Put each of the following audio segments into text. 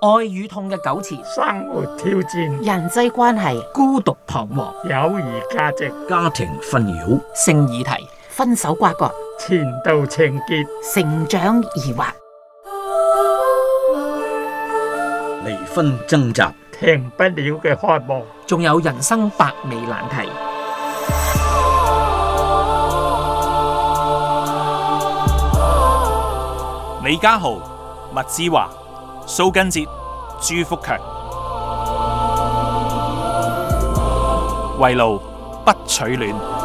愛與痛嘅糾纏，生活挑戰，人際關係，孤獨彷徨，友誼價值，家庭紛擾，性議題，分手瓜葛，前度情結，成長疑惑，離婚掙扎，停不了嘅渴望，仲有人生百味難題。李嘉豪，麥志華。蘇根哲、朱福強，圍爐不取暖。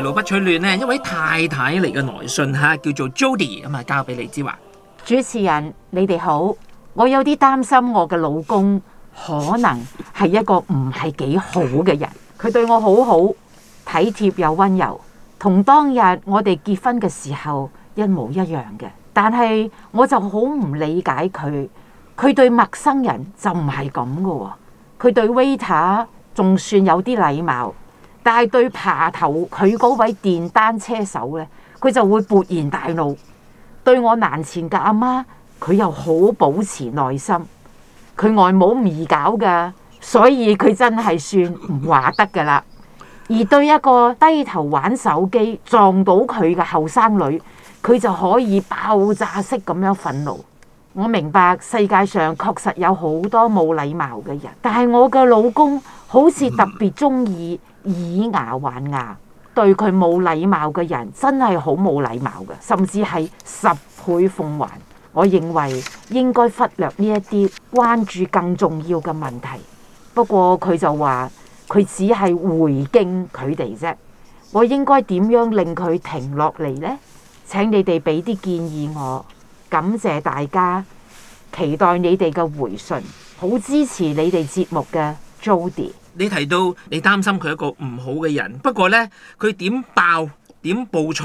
老不取亂咧，一位太太嚟嘅來信吓，叫做 Jodie 咁啊，交俾李之華。主持人，你哋好，我有啲擔心，我嘅老公可能係一個唔係幾好嘅人。佢對我好好，體貼又温柔，同當日我哋結婚嘅時候一模一樣嘅。但係我就好唔理解佢，佢對陌生人就唔係咁嘅喎。佢對 waiter 仲算有啲禮貌。但係對爬頭，佢嗰位電單車手呢，佢就會勃然大怒。對我難纏嘅阿媽，佢又好保持耐心。佢外母唔易搞噶，所以佢真係算唔話得噶啦。 而對一個低頭玩手機撞到佢嘅後生女，佢就可以爆炸式咁樣憤怒。我明白世界上確實有好多冇禮貌嘅人，但係我嘅老公好似特別中意，以牙還牙，對佢冇禮貌嘅人真係好冇禮貌嘅，甚至係十倍奉還。我認為應該忽略呢一啲，關注更重要嘅問題。不過佢就話佢只係回敬佢哋啫。我應該點樣令佢停落嚟呢？請你哋俾啲建議我，感謝大家，期待你哋嘅回信，好支持你哋節目嘅 Jodie。你提到你擔心佢一個唔好嘅人，不過咧，佢點爆點暴躁？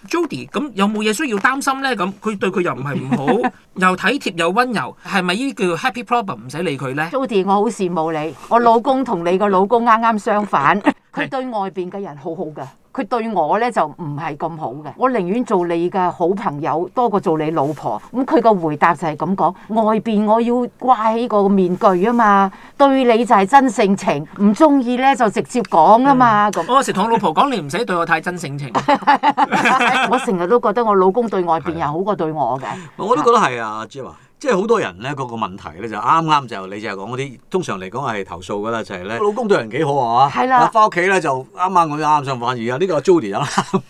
Jodie，咁有冇嘢需要擔心咧？咁佢對佢又唔係唔好， 又體貼又温柔，係咪依叫 happy problem？唔使理佢咧。Jodie，我好羨慕你，我老公同你個老公啱啱相反，佢 對外邊嘅人好好噶。佢對我咧就唔係咁好嘅，我寧願做你嘅好朋友多過做你老婆。咁佢個回答就係咁講，外邊我要掛起個面具啊嘛，對你就係真性情，唔中意咧就直接講啊嘛。咁、嗯、樣我有時同老婆講， 你唔使對我太真性情。 我成日都覺得我老公對外邊人好過對我嘅。我都覺得係的啊，阿芝華。即係好多人咧，嗰個問題咧就啱啱就你就講嗰啲，通常嚟講係投訴噶啦，就係咧。老公對人幾好啊？係啦。嗱，翻屋企咧就啱啱我啱想反語啊，呢個 Jodie 啊，啱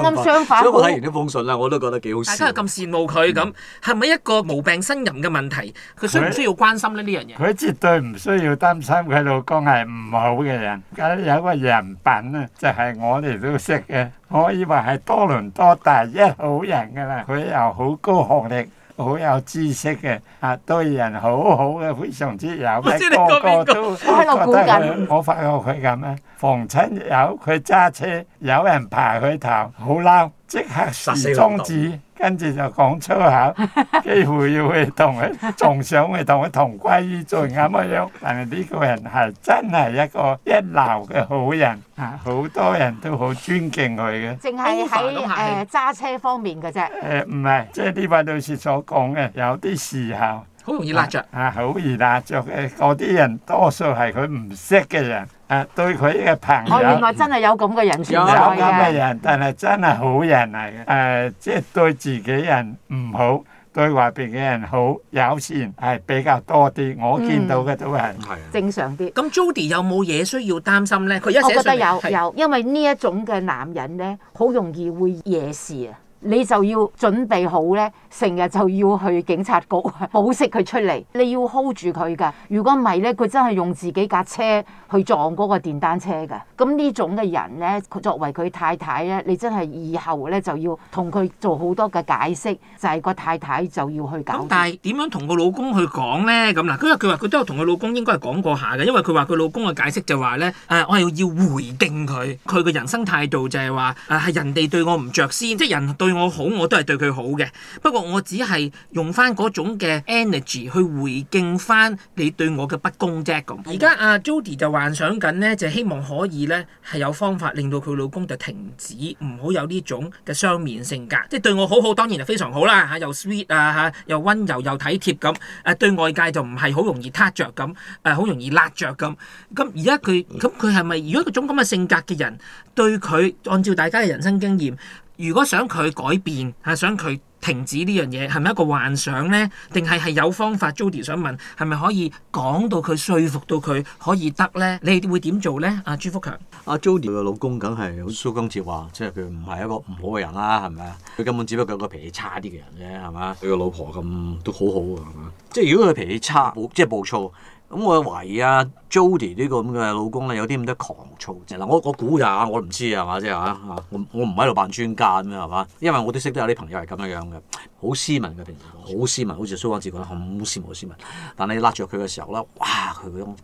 啱相反。我睇完呢封信啦，我都覺得幾好笑。大家咁羨慕佢咁，係咪一個無病呻吟嘅問題？佢需唔需要關心咧呢樣嘢？佢絕對唔需要擔心佢老公係唔好嘅人。佢有一個人品咧，就係我哋都識嘅。我以為係多倫多第一好人噶啦，佢又好高學歷。好有知識嘅，啊對人好好嘅，非常之有。個，個個都覺得佢，我發覺佢咁啊。逢親友佢揸車，有人爬佢頭，好嬲，即刻豎中指，跟住就講粗口， 幾乎要去同佢仲想去同佢同歸於盡咁樣。但係呢個人係真係一個一流嘅好人，好多人都好尊敬佢嘅。淨係喺誒揸車方面嘅啫。誒唔係，即係呢位女士所講嘅，有啲時候好容易撻着，啊，好易撻着嘅嗰啲人，多數係佢唔識嘅人。誒、啊、對佢嘅朋友，我、哦、原來真係有咁嘅人、嗯、人，有咁嘅人，但係真係好人嚟嘅。誒、啊，即、就、係、是、對自己人唔好，對外邊嘅人好，友善，係比較多啲。我見到嘅都係、嗯、正常啲。咁 Jodie 有冇嘢需要擔心咧？佢我覺得有的有，因為呢一種嘅男人咧，好容易會惹事啊！你就要準備好咧。成日就要去警察局保釋佢出嚟，你要 hold 住佢㗎。如果唔係咧，佢真係用自己架車去撞嗰個電單車㗎。咁呢種嘅人咧，佢作為佢太太咧，你真係以後咧就要同佢做好多嘅解釋，就係、是、個太太就要去搞。但係點樣同個老公去講咧？咁嗱，佢話佢都有同佢老公應該係講過下嘅，因為佢話佢老公嘅解釋就話咧，誒、呃、我係要回敬佢，佢個人生態度就係話誒係人哋對我唔着先，即係人對我好我都係對佢好嘅。不過我只係用翻嗰種嘅 energy 去回敬翻你對我嘅不公啫。咁而家阿 Jodie 就幻想緊呢，就是、希望可以呢，係有方法令到佢老公就停止，唔好有呢種嘅雙面性格。即係對我好好，當然係非常好啦嚇，又 sweet 啊嚇，又溫柔又體貼咁。誒、啊、對外界就唔係好容易 touch 著咁，誒、啊、好容易揦著咁。咁而家佢咁佢係咪如果一種咁嘅性格嘅人對佢，按照大家嘅人生經驗？如果想佢改變嚇，想佢停止呢樣嘢，係咪一個幻想咧？定係係有方法？Jodie 想問，係咪可以講到佢說服到佢可以得咧？你哋會點做咧？阿、啊、朱福強，阿 Jodie 個老公梗係好疏肝節話，即係佢唔係一個唔好嘅人啦，係咪啊？佢根本只不過一個脾氣差啲嘅人啫，係嘛？佢個老婆咁都好好啊。係嘛？即係如果佢脾氣差，即、就、係、是、暴躁。咁、嗯、我懷疑啊 Jody 呢個咁嘅老公咧有啲咁多狂躁症啦。我我估下，我唔知係嘛啫嚇。我我唔喺度扮專家咩係嘛？因為我都識得有啲朋友係咁樣樣嘅，好斯文嘅平時，好斯文，好似蘇光志講得好斯文好斯，斯文。但你拉住佢嘅時候咧，哇佢嗰種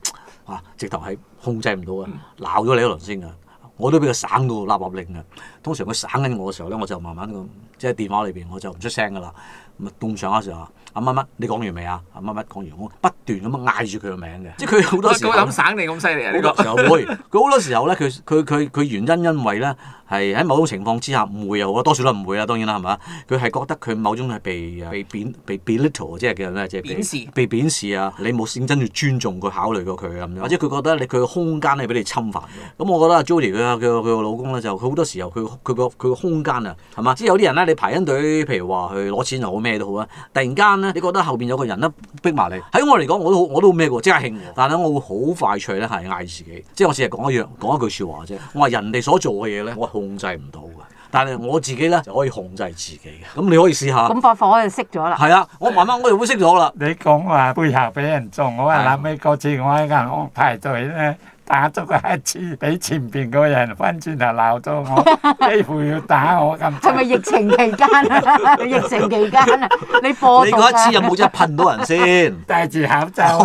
直頭係控制唔到嘅，鬧咗你一輪先嘅。我都俾佢省到立立令嘅。通常佢省緊我嘅時候咧，我就慢慢咁即係電話裏邊我就唔出聲㗎啦。咁啊，咁上下候。乜乜，你講完未啊？阿乜乜講完，我不斷咁樣嗌住佢個名嘅，即係佢好多時咁省你咁犀利嘅。好多佢好多時候咧，佢佢佢佢原因因為咧係喺某種情況之下唔會又好多數都唔誤會啦，當然啦，係嘛？佢係覺得佢某種係被被被 belittle，即係叫咩咧？即係被被鄙視啊！Little, 是你冇認真去尊重佢，考慮過佢啊咁樣， 或者佢覺得你佢個空間係俾你侵犯。咁我覺得啊，Jodie 佢佢佢個老公咧就佢好多時候佢佢個佢個空間啊係嘛？即係有啲人咧，你排緊隊，譬如話去攞錢又好咩都好啊。突然間。你覺得後邊有個人咧逼埋你，喺我嚟講，我都好，我都咩喎，即刻興。但係我會好快脆咧，係嗌自己，即係我成日講一樣，講一句説話啫。我話人哋所做嘅嘢咧，我控制唔到嘅，但係我自己咧就可以控制自己。咁你可以試下。咁把火就熄咗啦。係啊，我慢慢我哋會熄咗啦。你講話背後俾人做，我係啦，咩都知我係咁排隊咧，打咗佢一次，俾前邊嗰人翻轉頭鬧咗我，幾乎 要打我咁。係咪疫情期間啊？ 疫情期間啊，你播到、啊、你嗰一次又有冇即係噴到人先？戴住 口罩，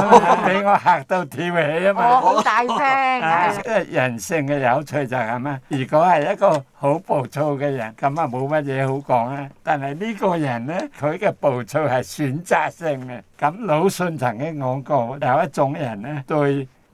俾 我嚇到跳起啊嘛！我好大聲、啊。即係 人性嘅有趣就係咩？如果係一個好暴躁嘅人，咁啊冇乜嘢好講啊。但係呢個人咧，佢嘅暴躁係選擇性嘅。咁魯迅曾經講過，有一種人咧對。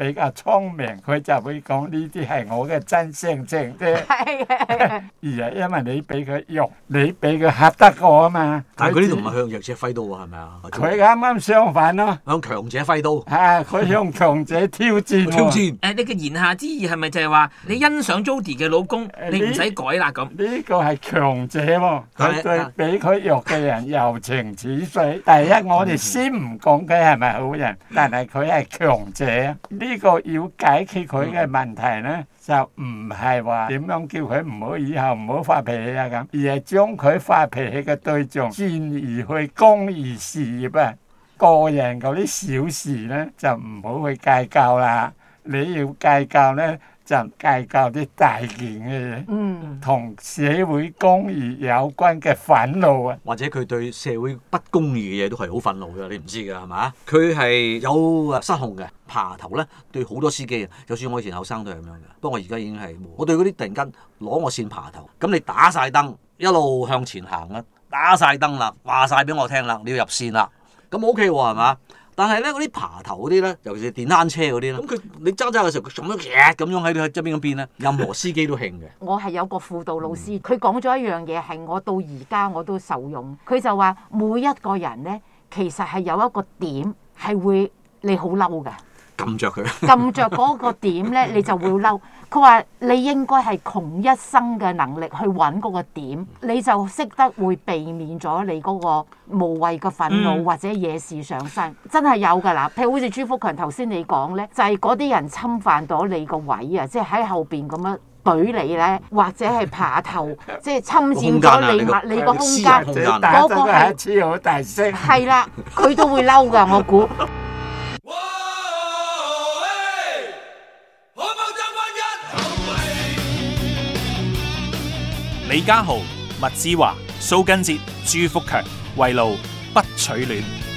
比較聰明，佢就會講呢啲係我嘅真性情啫。而係因為你俾佢弱，你俾佢恰得過啊嘛。但係佢呢度唔係向弱者揮刀喎，係咪啊？佢啱啱相反咯。向強者揮刀。係佢向強者挑戰。挑戰。誒，你嘅言下之意係咪就係話你欣賞 Jodie 嘅老公？你唔使改啦咁。呢個係強者喎，佢對俾佢弱嘅人柔情似水。第一，我哋先唔講佢係咪好人，但係佢係強者。呢個要解決佢嘅問題呢，就唔係話點樣叫佢唔好以後唔好發脾氣啊咁，而係將佢發脾氣嘅對象轉移去公義事業啊，個人嗰啲小事呢，就唔好去計較啦。你要計較呢，就計較啲大件嘅嘢，同社會公義有關嘅憤怒啊，或者佢對社會不公義嘅嘢都係好憤怒㗎，你唔知㗎係嘛？佢係有啊失控嘅爬頭咧，對好多司機啊，就算我以前後生都係咁樣嘅。不過我而家已經係，我對嗰啲突然間攞我線爬頭，咁你打晒燈，一路向前行啦，打晒燈啦，話晒俾我聽啦，你要入線啦，咁 OK 我係嘛？但係咧，嗰啲爬頭嗰啲咧，尤其是電單車嗰啲咧，咁佢你揸揸嘅時候，佢咁樣㗎，咁樣喺你喺側邊嗰邊咧，任何司機都興嘅。我係有個輔導老師，佢講咗一樣嘢，係我到而家我都受用。佢就話每一個人咧，其實係有一個點係會你好嬲嘅。撳着佢。撳着嗰個點咧，你就會嬲。 佢話：你應該係窮一生嘅能力去揾嗰個點，你就識得會避免咗你嗰個無謂嘅憤怒或者惹事上身。嗯，真係有㗎啦，譬如好似朱福強頭先你講呢，就係嗰啲人侵犯咗你個位啊，即係喺後邊咁樣攰你呢，或者係爬頭，即、就、係、是、侵占咗你、啊、你，個你個空間。嗰個係超大聲。係啦，佢 都會嬲㗎，我估。 李家豪、麥之華、蘇根哲、朱福強、圍爐不取暖。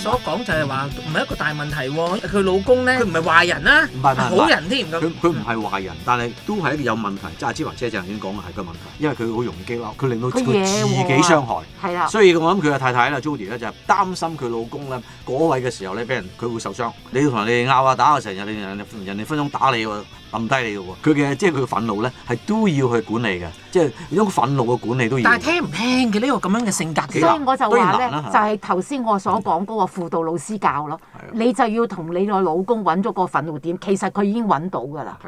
所講就係話唔係一個大問題喎、啊，佢老公咧，佢唔係壞人唔、啊、啦，好人添、啊、咁。佢佢唔係壞人，但係都係一個有問題。即係阿芝華車就頭先講係個問題，因為佢好容易激嬲，佢令到佢自己傷害。係啦、啊，所以我諗佢嘅太太啦 Jodie 咧就係擔心佢老公咧嗰位嘅時候咧，俾人佢會受傷。你要同人哋拗啊打啊，成日人哋人哋分分鐘打你喎。冧低你嘅佢嘅即係佢嘅憤怒咧，係都要去管理嘅，即係嗰種憤怒嘅管理都要。但係聽唔聽嘅呢個咁樣嘅性格，所以我就話咧，啊、就係頭先我所講嗰個輔導老師教咯，的你就要同你個老公揾咗個憤怒點，其實佢已經揾到㗎啦。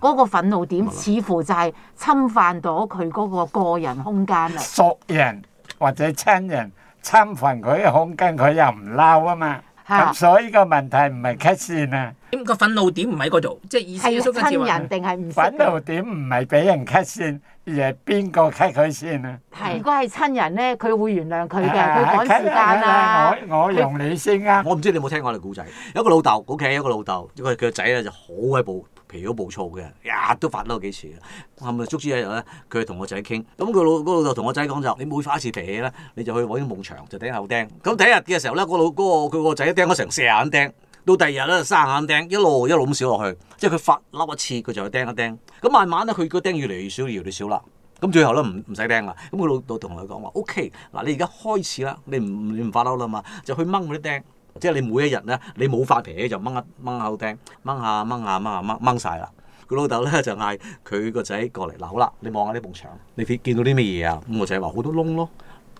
嗰的個憤怒點似乎就係侵犯咗佢嗰個個人空間啦。嗯、熟人或者親人侵犯佢嘅空間，佢又唔鬧啊嘛。吓、啊嗯，所以個問題唔係 cut 線啊，咁個憤怒點唔喺嗰度，即係要親人定係唔憤怒點唔係俾人 cut 線，而係邊個 cut 佢先啊？係、啊嗯、如果係親人咧，佢會原諒佢嘅，佢趕時間啊，啊，啊，啊，啊。我我用你先啊，啊我唔知你，你 有冇聽我哋古仔，有個老豆，OK，有個老豆，佢個仔咧就好閪暴。脾氣好暴躁嘅，日都發嬲幾次嘅，係、嗯、咪？直至有一日咧，佢同我仔傾，咁佢老老豆同我仔講就：你每發一次脾氣咧，你就去揾啲木牆就頂下釘。咁第一日嘅時候咧，老嗰個老嗰佢個仔釘咗成四眼釘，到第二日咧三眼釘，一路一路咁少落去。即係佢發嬲一次，佢就去釘一釘。咁慢慢咧，佢個釘越嚟越少，越嚟越少啦。咁最後咧唔唔使釘啦。咁佢老豆同佢講話：O K，嗱你而家開始啦，你唔你唔發嬲啦嘛，就去掹嗰啲釘，即係你每一日咧，你冇發脾氣就掹一掹口釘，掹下掹下掹下掹掹曬啦。佢老豆咧就嗌佢個仔過嚟，嗱、啊、好啦，你望下呢埲牆，你見到啲咩嘢啊？咁、嗰個仔話好多窿咯。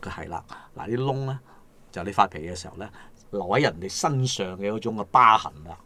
佢係啦，嗱啲窿咧就你發脾氣嘅時候咧留喺人哋身上嘅嗰種嘅疤痕啦，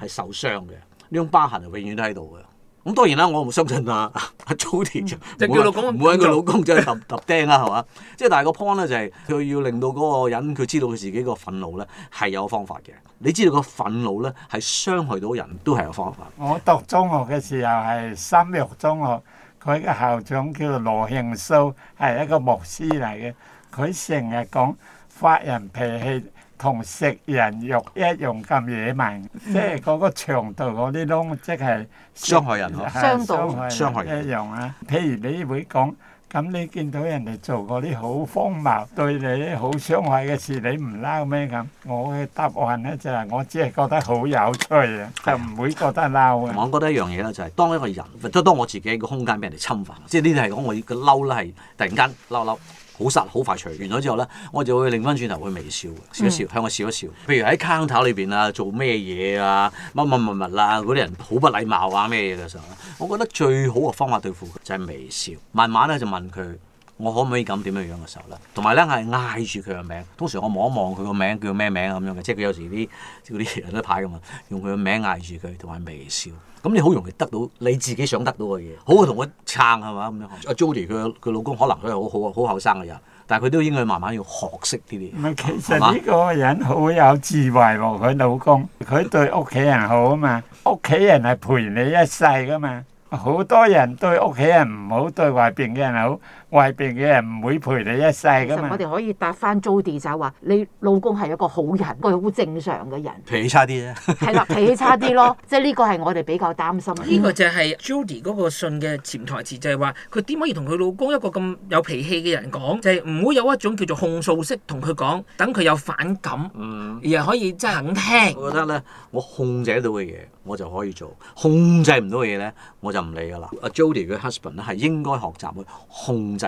係受傷嘅，呢種疤痕係永遠都喺度嘅。咁當然啦，我唔相信啦、啊。阿 Jodie 唔會唔會佢老公即係揼揼釘啦，係嘛？即係 但係個 point 咧就係、是、佢要令到嗰個人佢知道佢自己個憤怒咧係有方法嘅。你知道個憤怒咧係傷害到人都係有方法。我讀中學嘅時候係三六中學，佢嘅校長叫做羅慶蘇，係一個牧師嚟嘅，佢成日講。發人脾氣同食人肉一樣咁野蠻，即係嗰個長度嗰啲窿，即係傷害人咯，傷害人一樣啊！譬如你會講咁，你見到人哋做嗰啲好荒謬、對你好傷害嘅事，你唔嬲咩咁？我嘅答案咧就係，我只係覺得好有趣啊，就唔會覺得嬲啊！我覺得一樣嘢咧就係，當一個人即係當我自己個空間俾人哋侵犯，即係呢啲係講我個嬲咧係突然間嬲嬲。好殺好快除完咗之後咧，我就會擰翻轉頭去微笑，笑一笑，向我笑一笑。譬如喺坑頭裏邊啊，做咩嘢啊，乜乜乜乜啦，嗰啲人好不禮貌啊，咩嘢嘅時候咧，我覺得最好嘅方法對付佢就係微笑。慢慢咧就問佢，我可唔可以咁點樣樣嘅時候咧，同埋咧係嗌住佢嘅名。通常我望一望佢個名叫咩名咁樣嘅，即係佢有時啲嗰啲人都派咁啊，用佢嘅名嗌住佢，同埋微笑。咁你好容易得到你自己想得到嘅嘢，好啊，同佢撐係嘛咁樣。阿 Jody 佢佢老公可能佢係好好啊，好後生嘅人，但係佢都應該慢慢要學識啲啲。其實呢個人好有智慧喎，佢老公，佢對屋企人好啊嘛，屋企人係陪你一世㗎嘛，好多人對屋企人唔好，對外邊嘅人好。外邊嘅人唔會陪你一世噶嘛。其實我哋可以答翻 Jody 就係話：你老公係一個好人，一個好正常嘅人脾。 脾氣差啲咧，係啦，脾氣差啲咯，即係呢個係我哋比較擔心。呢、嗯、個就係 Jody 嗰個信嘅潛台詞，就係話佢點可以同佢老公一個咁有脾氣嘅人講，就係唔會有一種叫做控訴式同佢講，等佢有反感，嗯、而係可以真係肯聽。我覺得咧，我控制到嘅嘢我就可以做，控制唔到嘅嘢咧我就唔理㗎啦。阿 Jody 嘅 husband 咧係應該學習去控。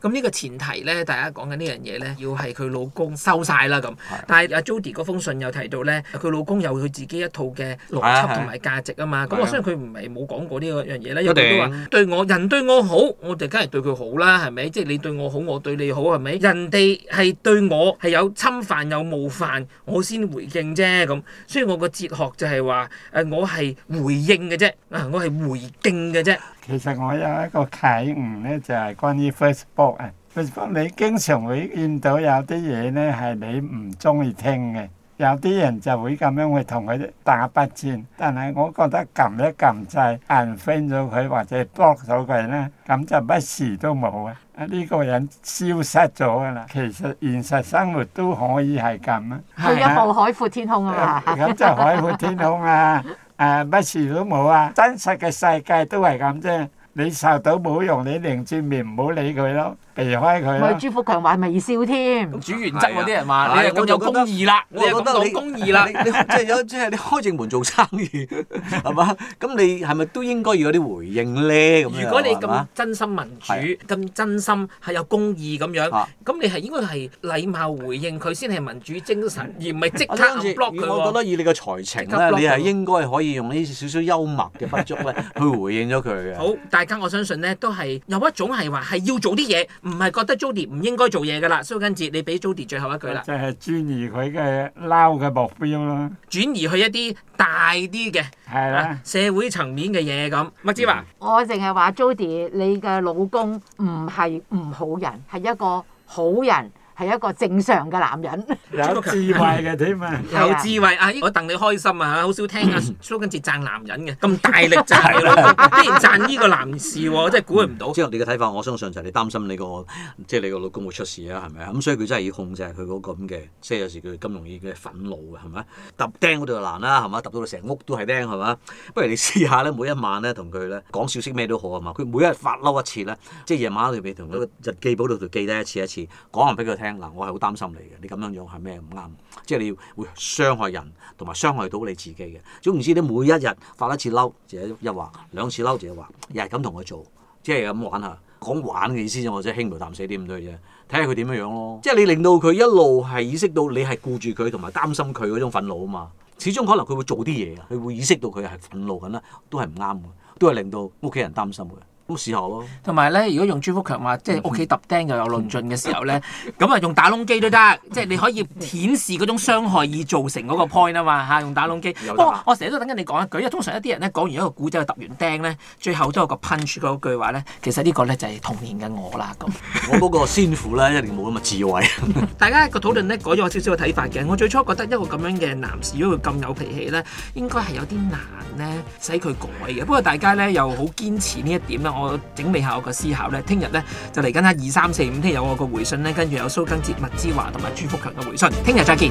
咁呢個前提呢，大家講緊呢樣嘢呢，要係佢老公收晒啦咁。但係阿 Jody 嗰封信又提到呢，佢老公有佢自己一套嘅邏輯同埋價值啊嘛。咁的我相信佢唔係冇講過呢個樣嘢呢，有啲的都話定對我人對我好，我哋梗係對佢好啦，係咪？即係你對我好，我對你好係咪？人哋係對我係有侵犯有冒犯，我先回應啫咁。所以我個哲學就係話誒，我係回應嘅啫，我係回敬嘅啫。其實我有一個啟示咧，就係關於 Facebook 啊。Facebook 你經常會見到有啲嘢咧係你唔中意聽嘅，有啲人就會咁樣去同佢打筆戰。但係我覺得撳一撳掣，unfriend 咗佢或者 block 咗佢咧，咁就乜事都冇啊。啊呢個人消失咗㗎啦。其實現實生活都可以係咁啊，去一步海闊天空啊。咁就海闊天空啊。啊，乜、呃、事都冇啊！真實嘅世界都係咁啫，你受到侮辱，你擰轉面唔好理佢咯。譬如佢，唔係朱福強話微笑添，主原則喎啲人話，你咁有公義啦，你又咁有公義啦，你即係有即係你開正門做生意，係嘛？咁你係咪都應該要有啲回應咧？咁如果你咁真心民主，咁真心係有公義咁樣，咁你係應該係禮貌回應佢先係民主精神，而唔係即刻 block 佢。我覺得以你嘅才情咧，你係應該可以用呢少少幽默嘅筆觸咧去回應咗佢嘅。好，大家我相信咧都係有一種係話係要做啲嘢。唔係覺得 Jody 唔應該做嘢㗎喇，蘇根治，你俾 Jody 最後一句啦。即係轉移佢嘅撈嘅目標咯，轉移去一啲大啲嘅，係啦的、啊，社會層面嘅嘢咁。麥芝華、啊，嗯、我淨係話 Jody，你嘅老公唔係唔好人，係一個好人。係一個正常嘅男人， 有智慧嘅添啊。 有智慧啊、哎！我戥你開心啊！好少聽啊蘇跟治贊男人嘅，咁大力贊咯， 是的 居然贊呢個男士喎，真係估佢唔到。即係、嗯、你嘅睇法，我相信就係你擔心你個即係你個老公會出事啦，係咪啊？咁所以佢真係要控制佢嗰個咁嘅，即係有時佢咁容易嘅憤怒嘅，係咪啊？揼釘嗰度難啦，係咪？揼到成屋都係釘係嘛？不如你試下咧，每一晚咧同佢咧講少息咩都好啊嘛。佢每日發嬲一次咧，即係夜晚咧，你同佢日記簿度就記低一次一次，講完俾佢聽。嗱，我係好擔心你嘅，你咁樣樣係咩唔啱？即係你要會傷害人，同埋傷害到你自己嘅。總言之，你每一日發一次嬲，就一話兩次嬲，就又話又係咁同佢做，即係咁玩下。講玩嘅意思啫，我者係輕描淡寫啲咁多啫。睇下佢點樣樣咯。即係你令到佢一路係意識到你係顧住佢，同埋擔心佢嗰種憤怒啊嘛。始終可能佢會做啲嘢嘅，佢會意識到佢係憤怒緊啦，都係唔啱嘅，都係令到屋企人擔心嘅。都試下咯，同埋咧，如果用朱福強話，即係屋企揼釘又有論盡嘅時候咧，咁啊 用打窿機都得，即係你可以顯示嗰種傷害以造成嗰個 point 啊嘛吓，用打窿機。不過我成日都等緊你講一句，因為通常一啲人咧講完一個古仔，揼完釘咧，最後都有個 punch 嗰句話咧，其實個呢個咧就係、是、童年嘅我啦。咁我嗰個先父咧一定冇咁嘅智慧。 大家個討論咧改咗我少少嘅睇法嘅，我最初覺得一個咁樣嘅男士如果佢咁有脾氣咧，應該係有啲難咧使佢改嘅。不過大家咧又好堅持呢一點咧。我整理下我個思考咧，聽日咧就嚟緊啦，二三四五聽日有我個回信咧，跟住有蘇根哲、麥之華同埋朱福強嘅回信，聽日再見。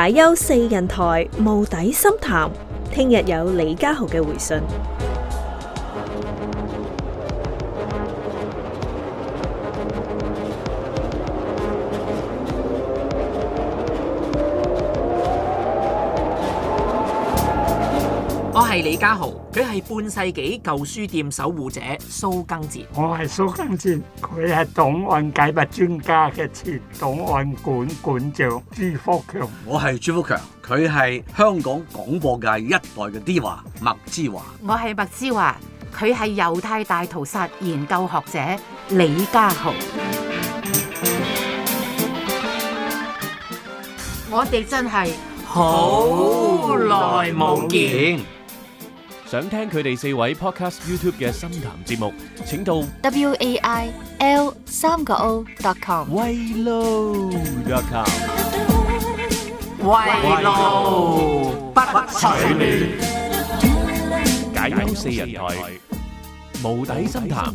解憂四人臺，無底深談。聽日有李家豪嘅回信。李家豪，佢係半世紀舊書店守護者蘇更哲。蘇我係蘇更哲，佢係檔案解密專家嘅前檔案館館長強朱福強。我係朱福強，佢係香港廣播界一代嘅 Diva 麥之華。我係麥之華，佢係猶太大屠殺研究學者李家豪。 我哋真係好耐冇見。 想聽佢哋四位 Podcast YouTube 嘅深談節目，請到 wail 三個 o dot com。圍爐 dot com，圍爐不取利，解憂四人台，無底深談。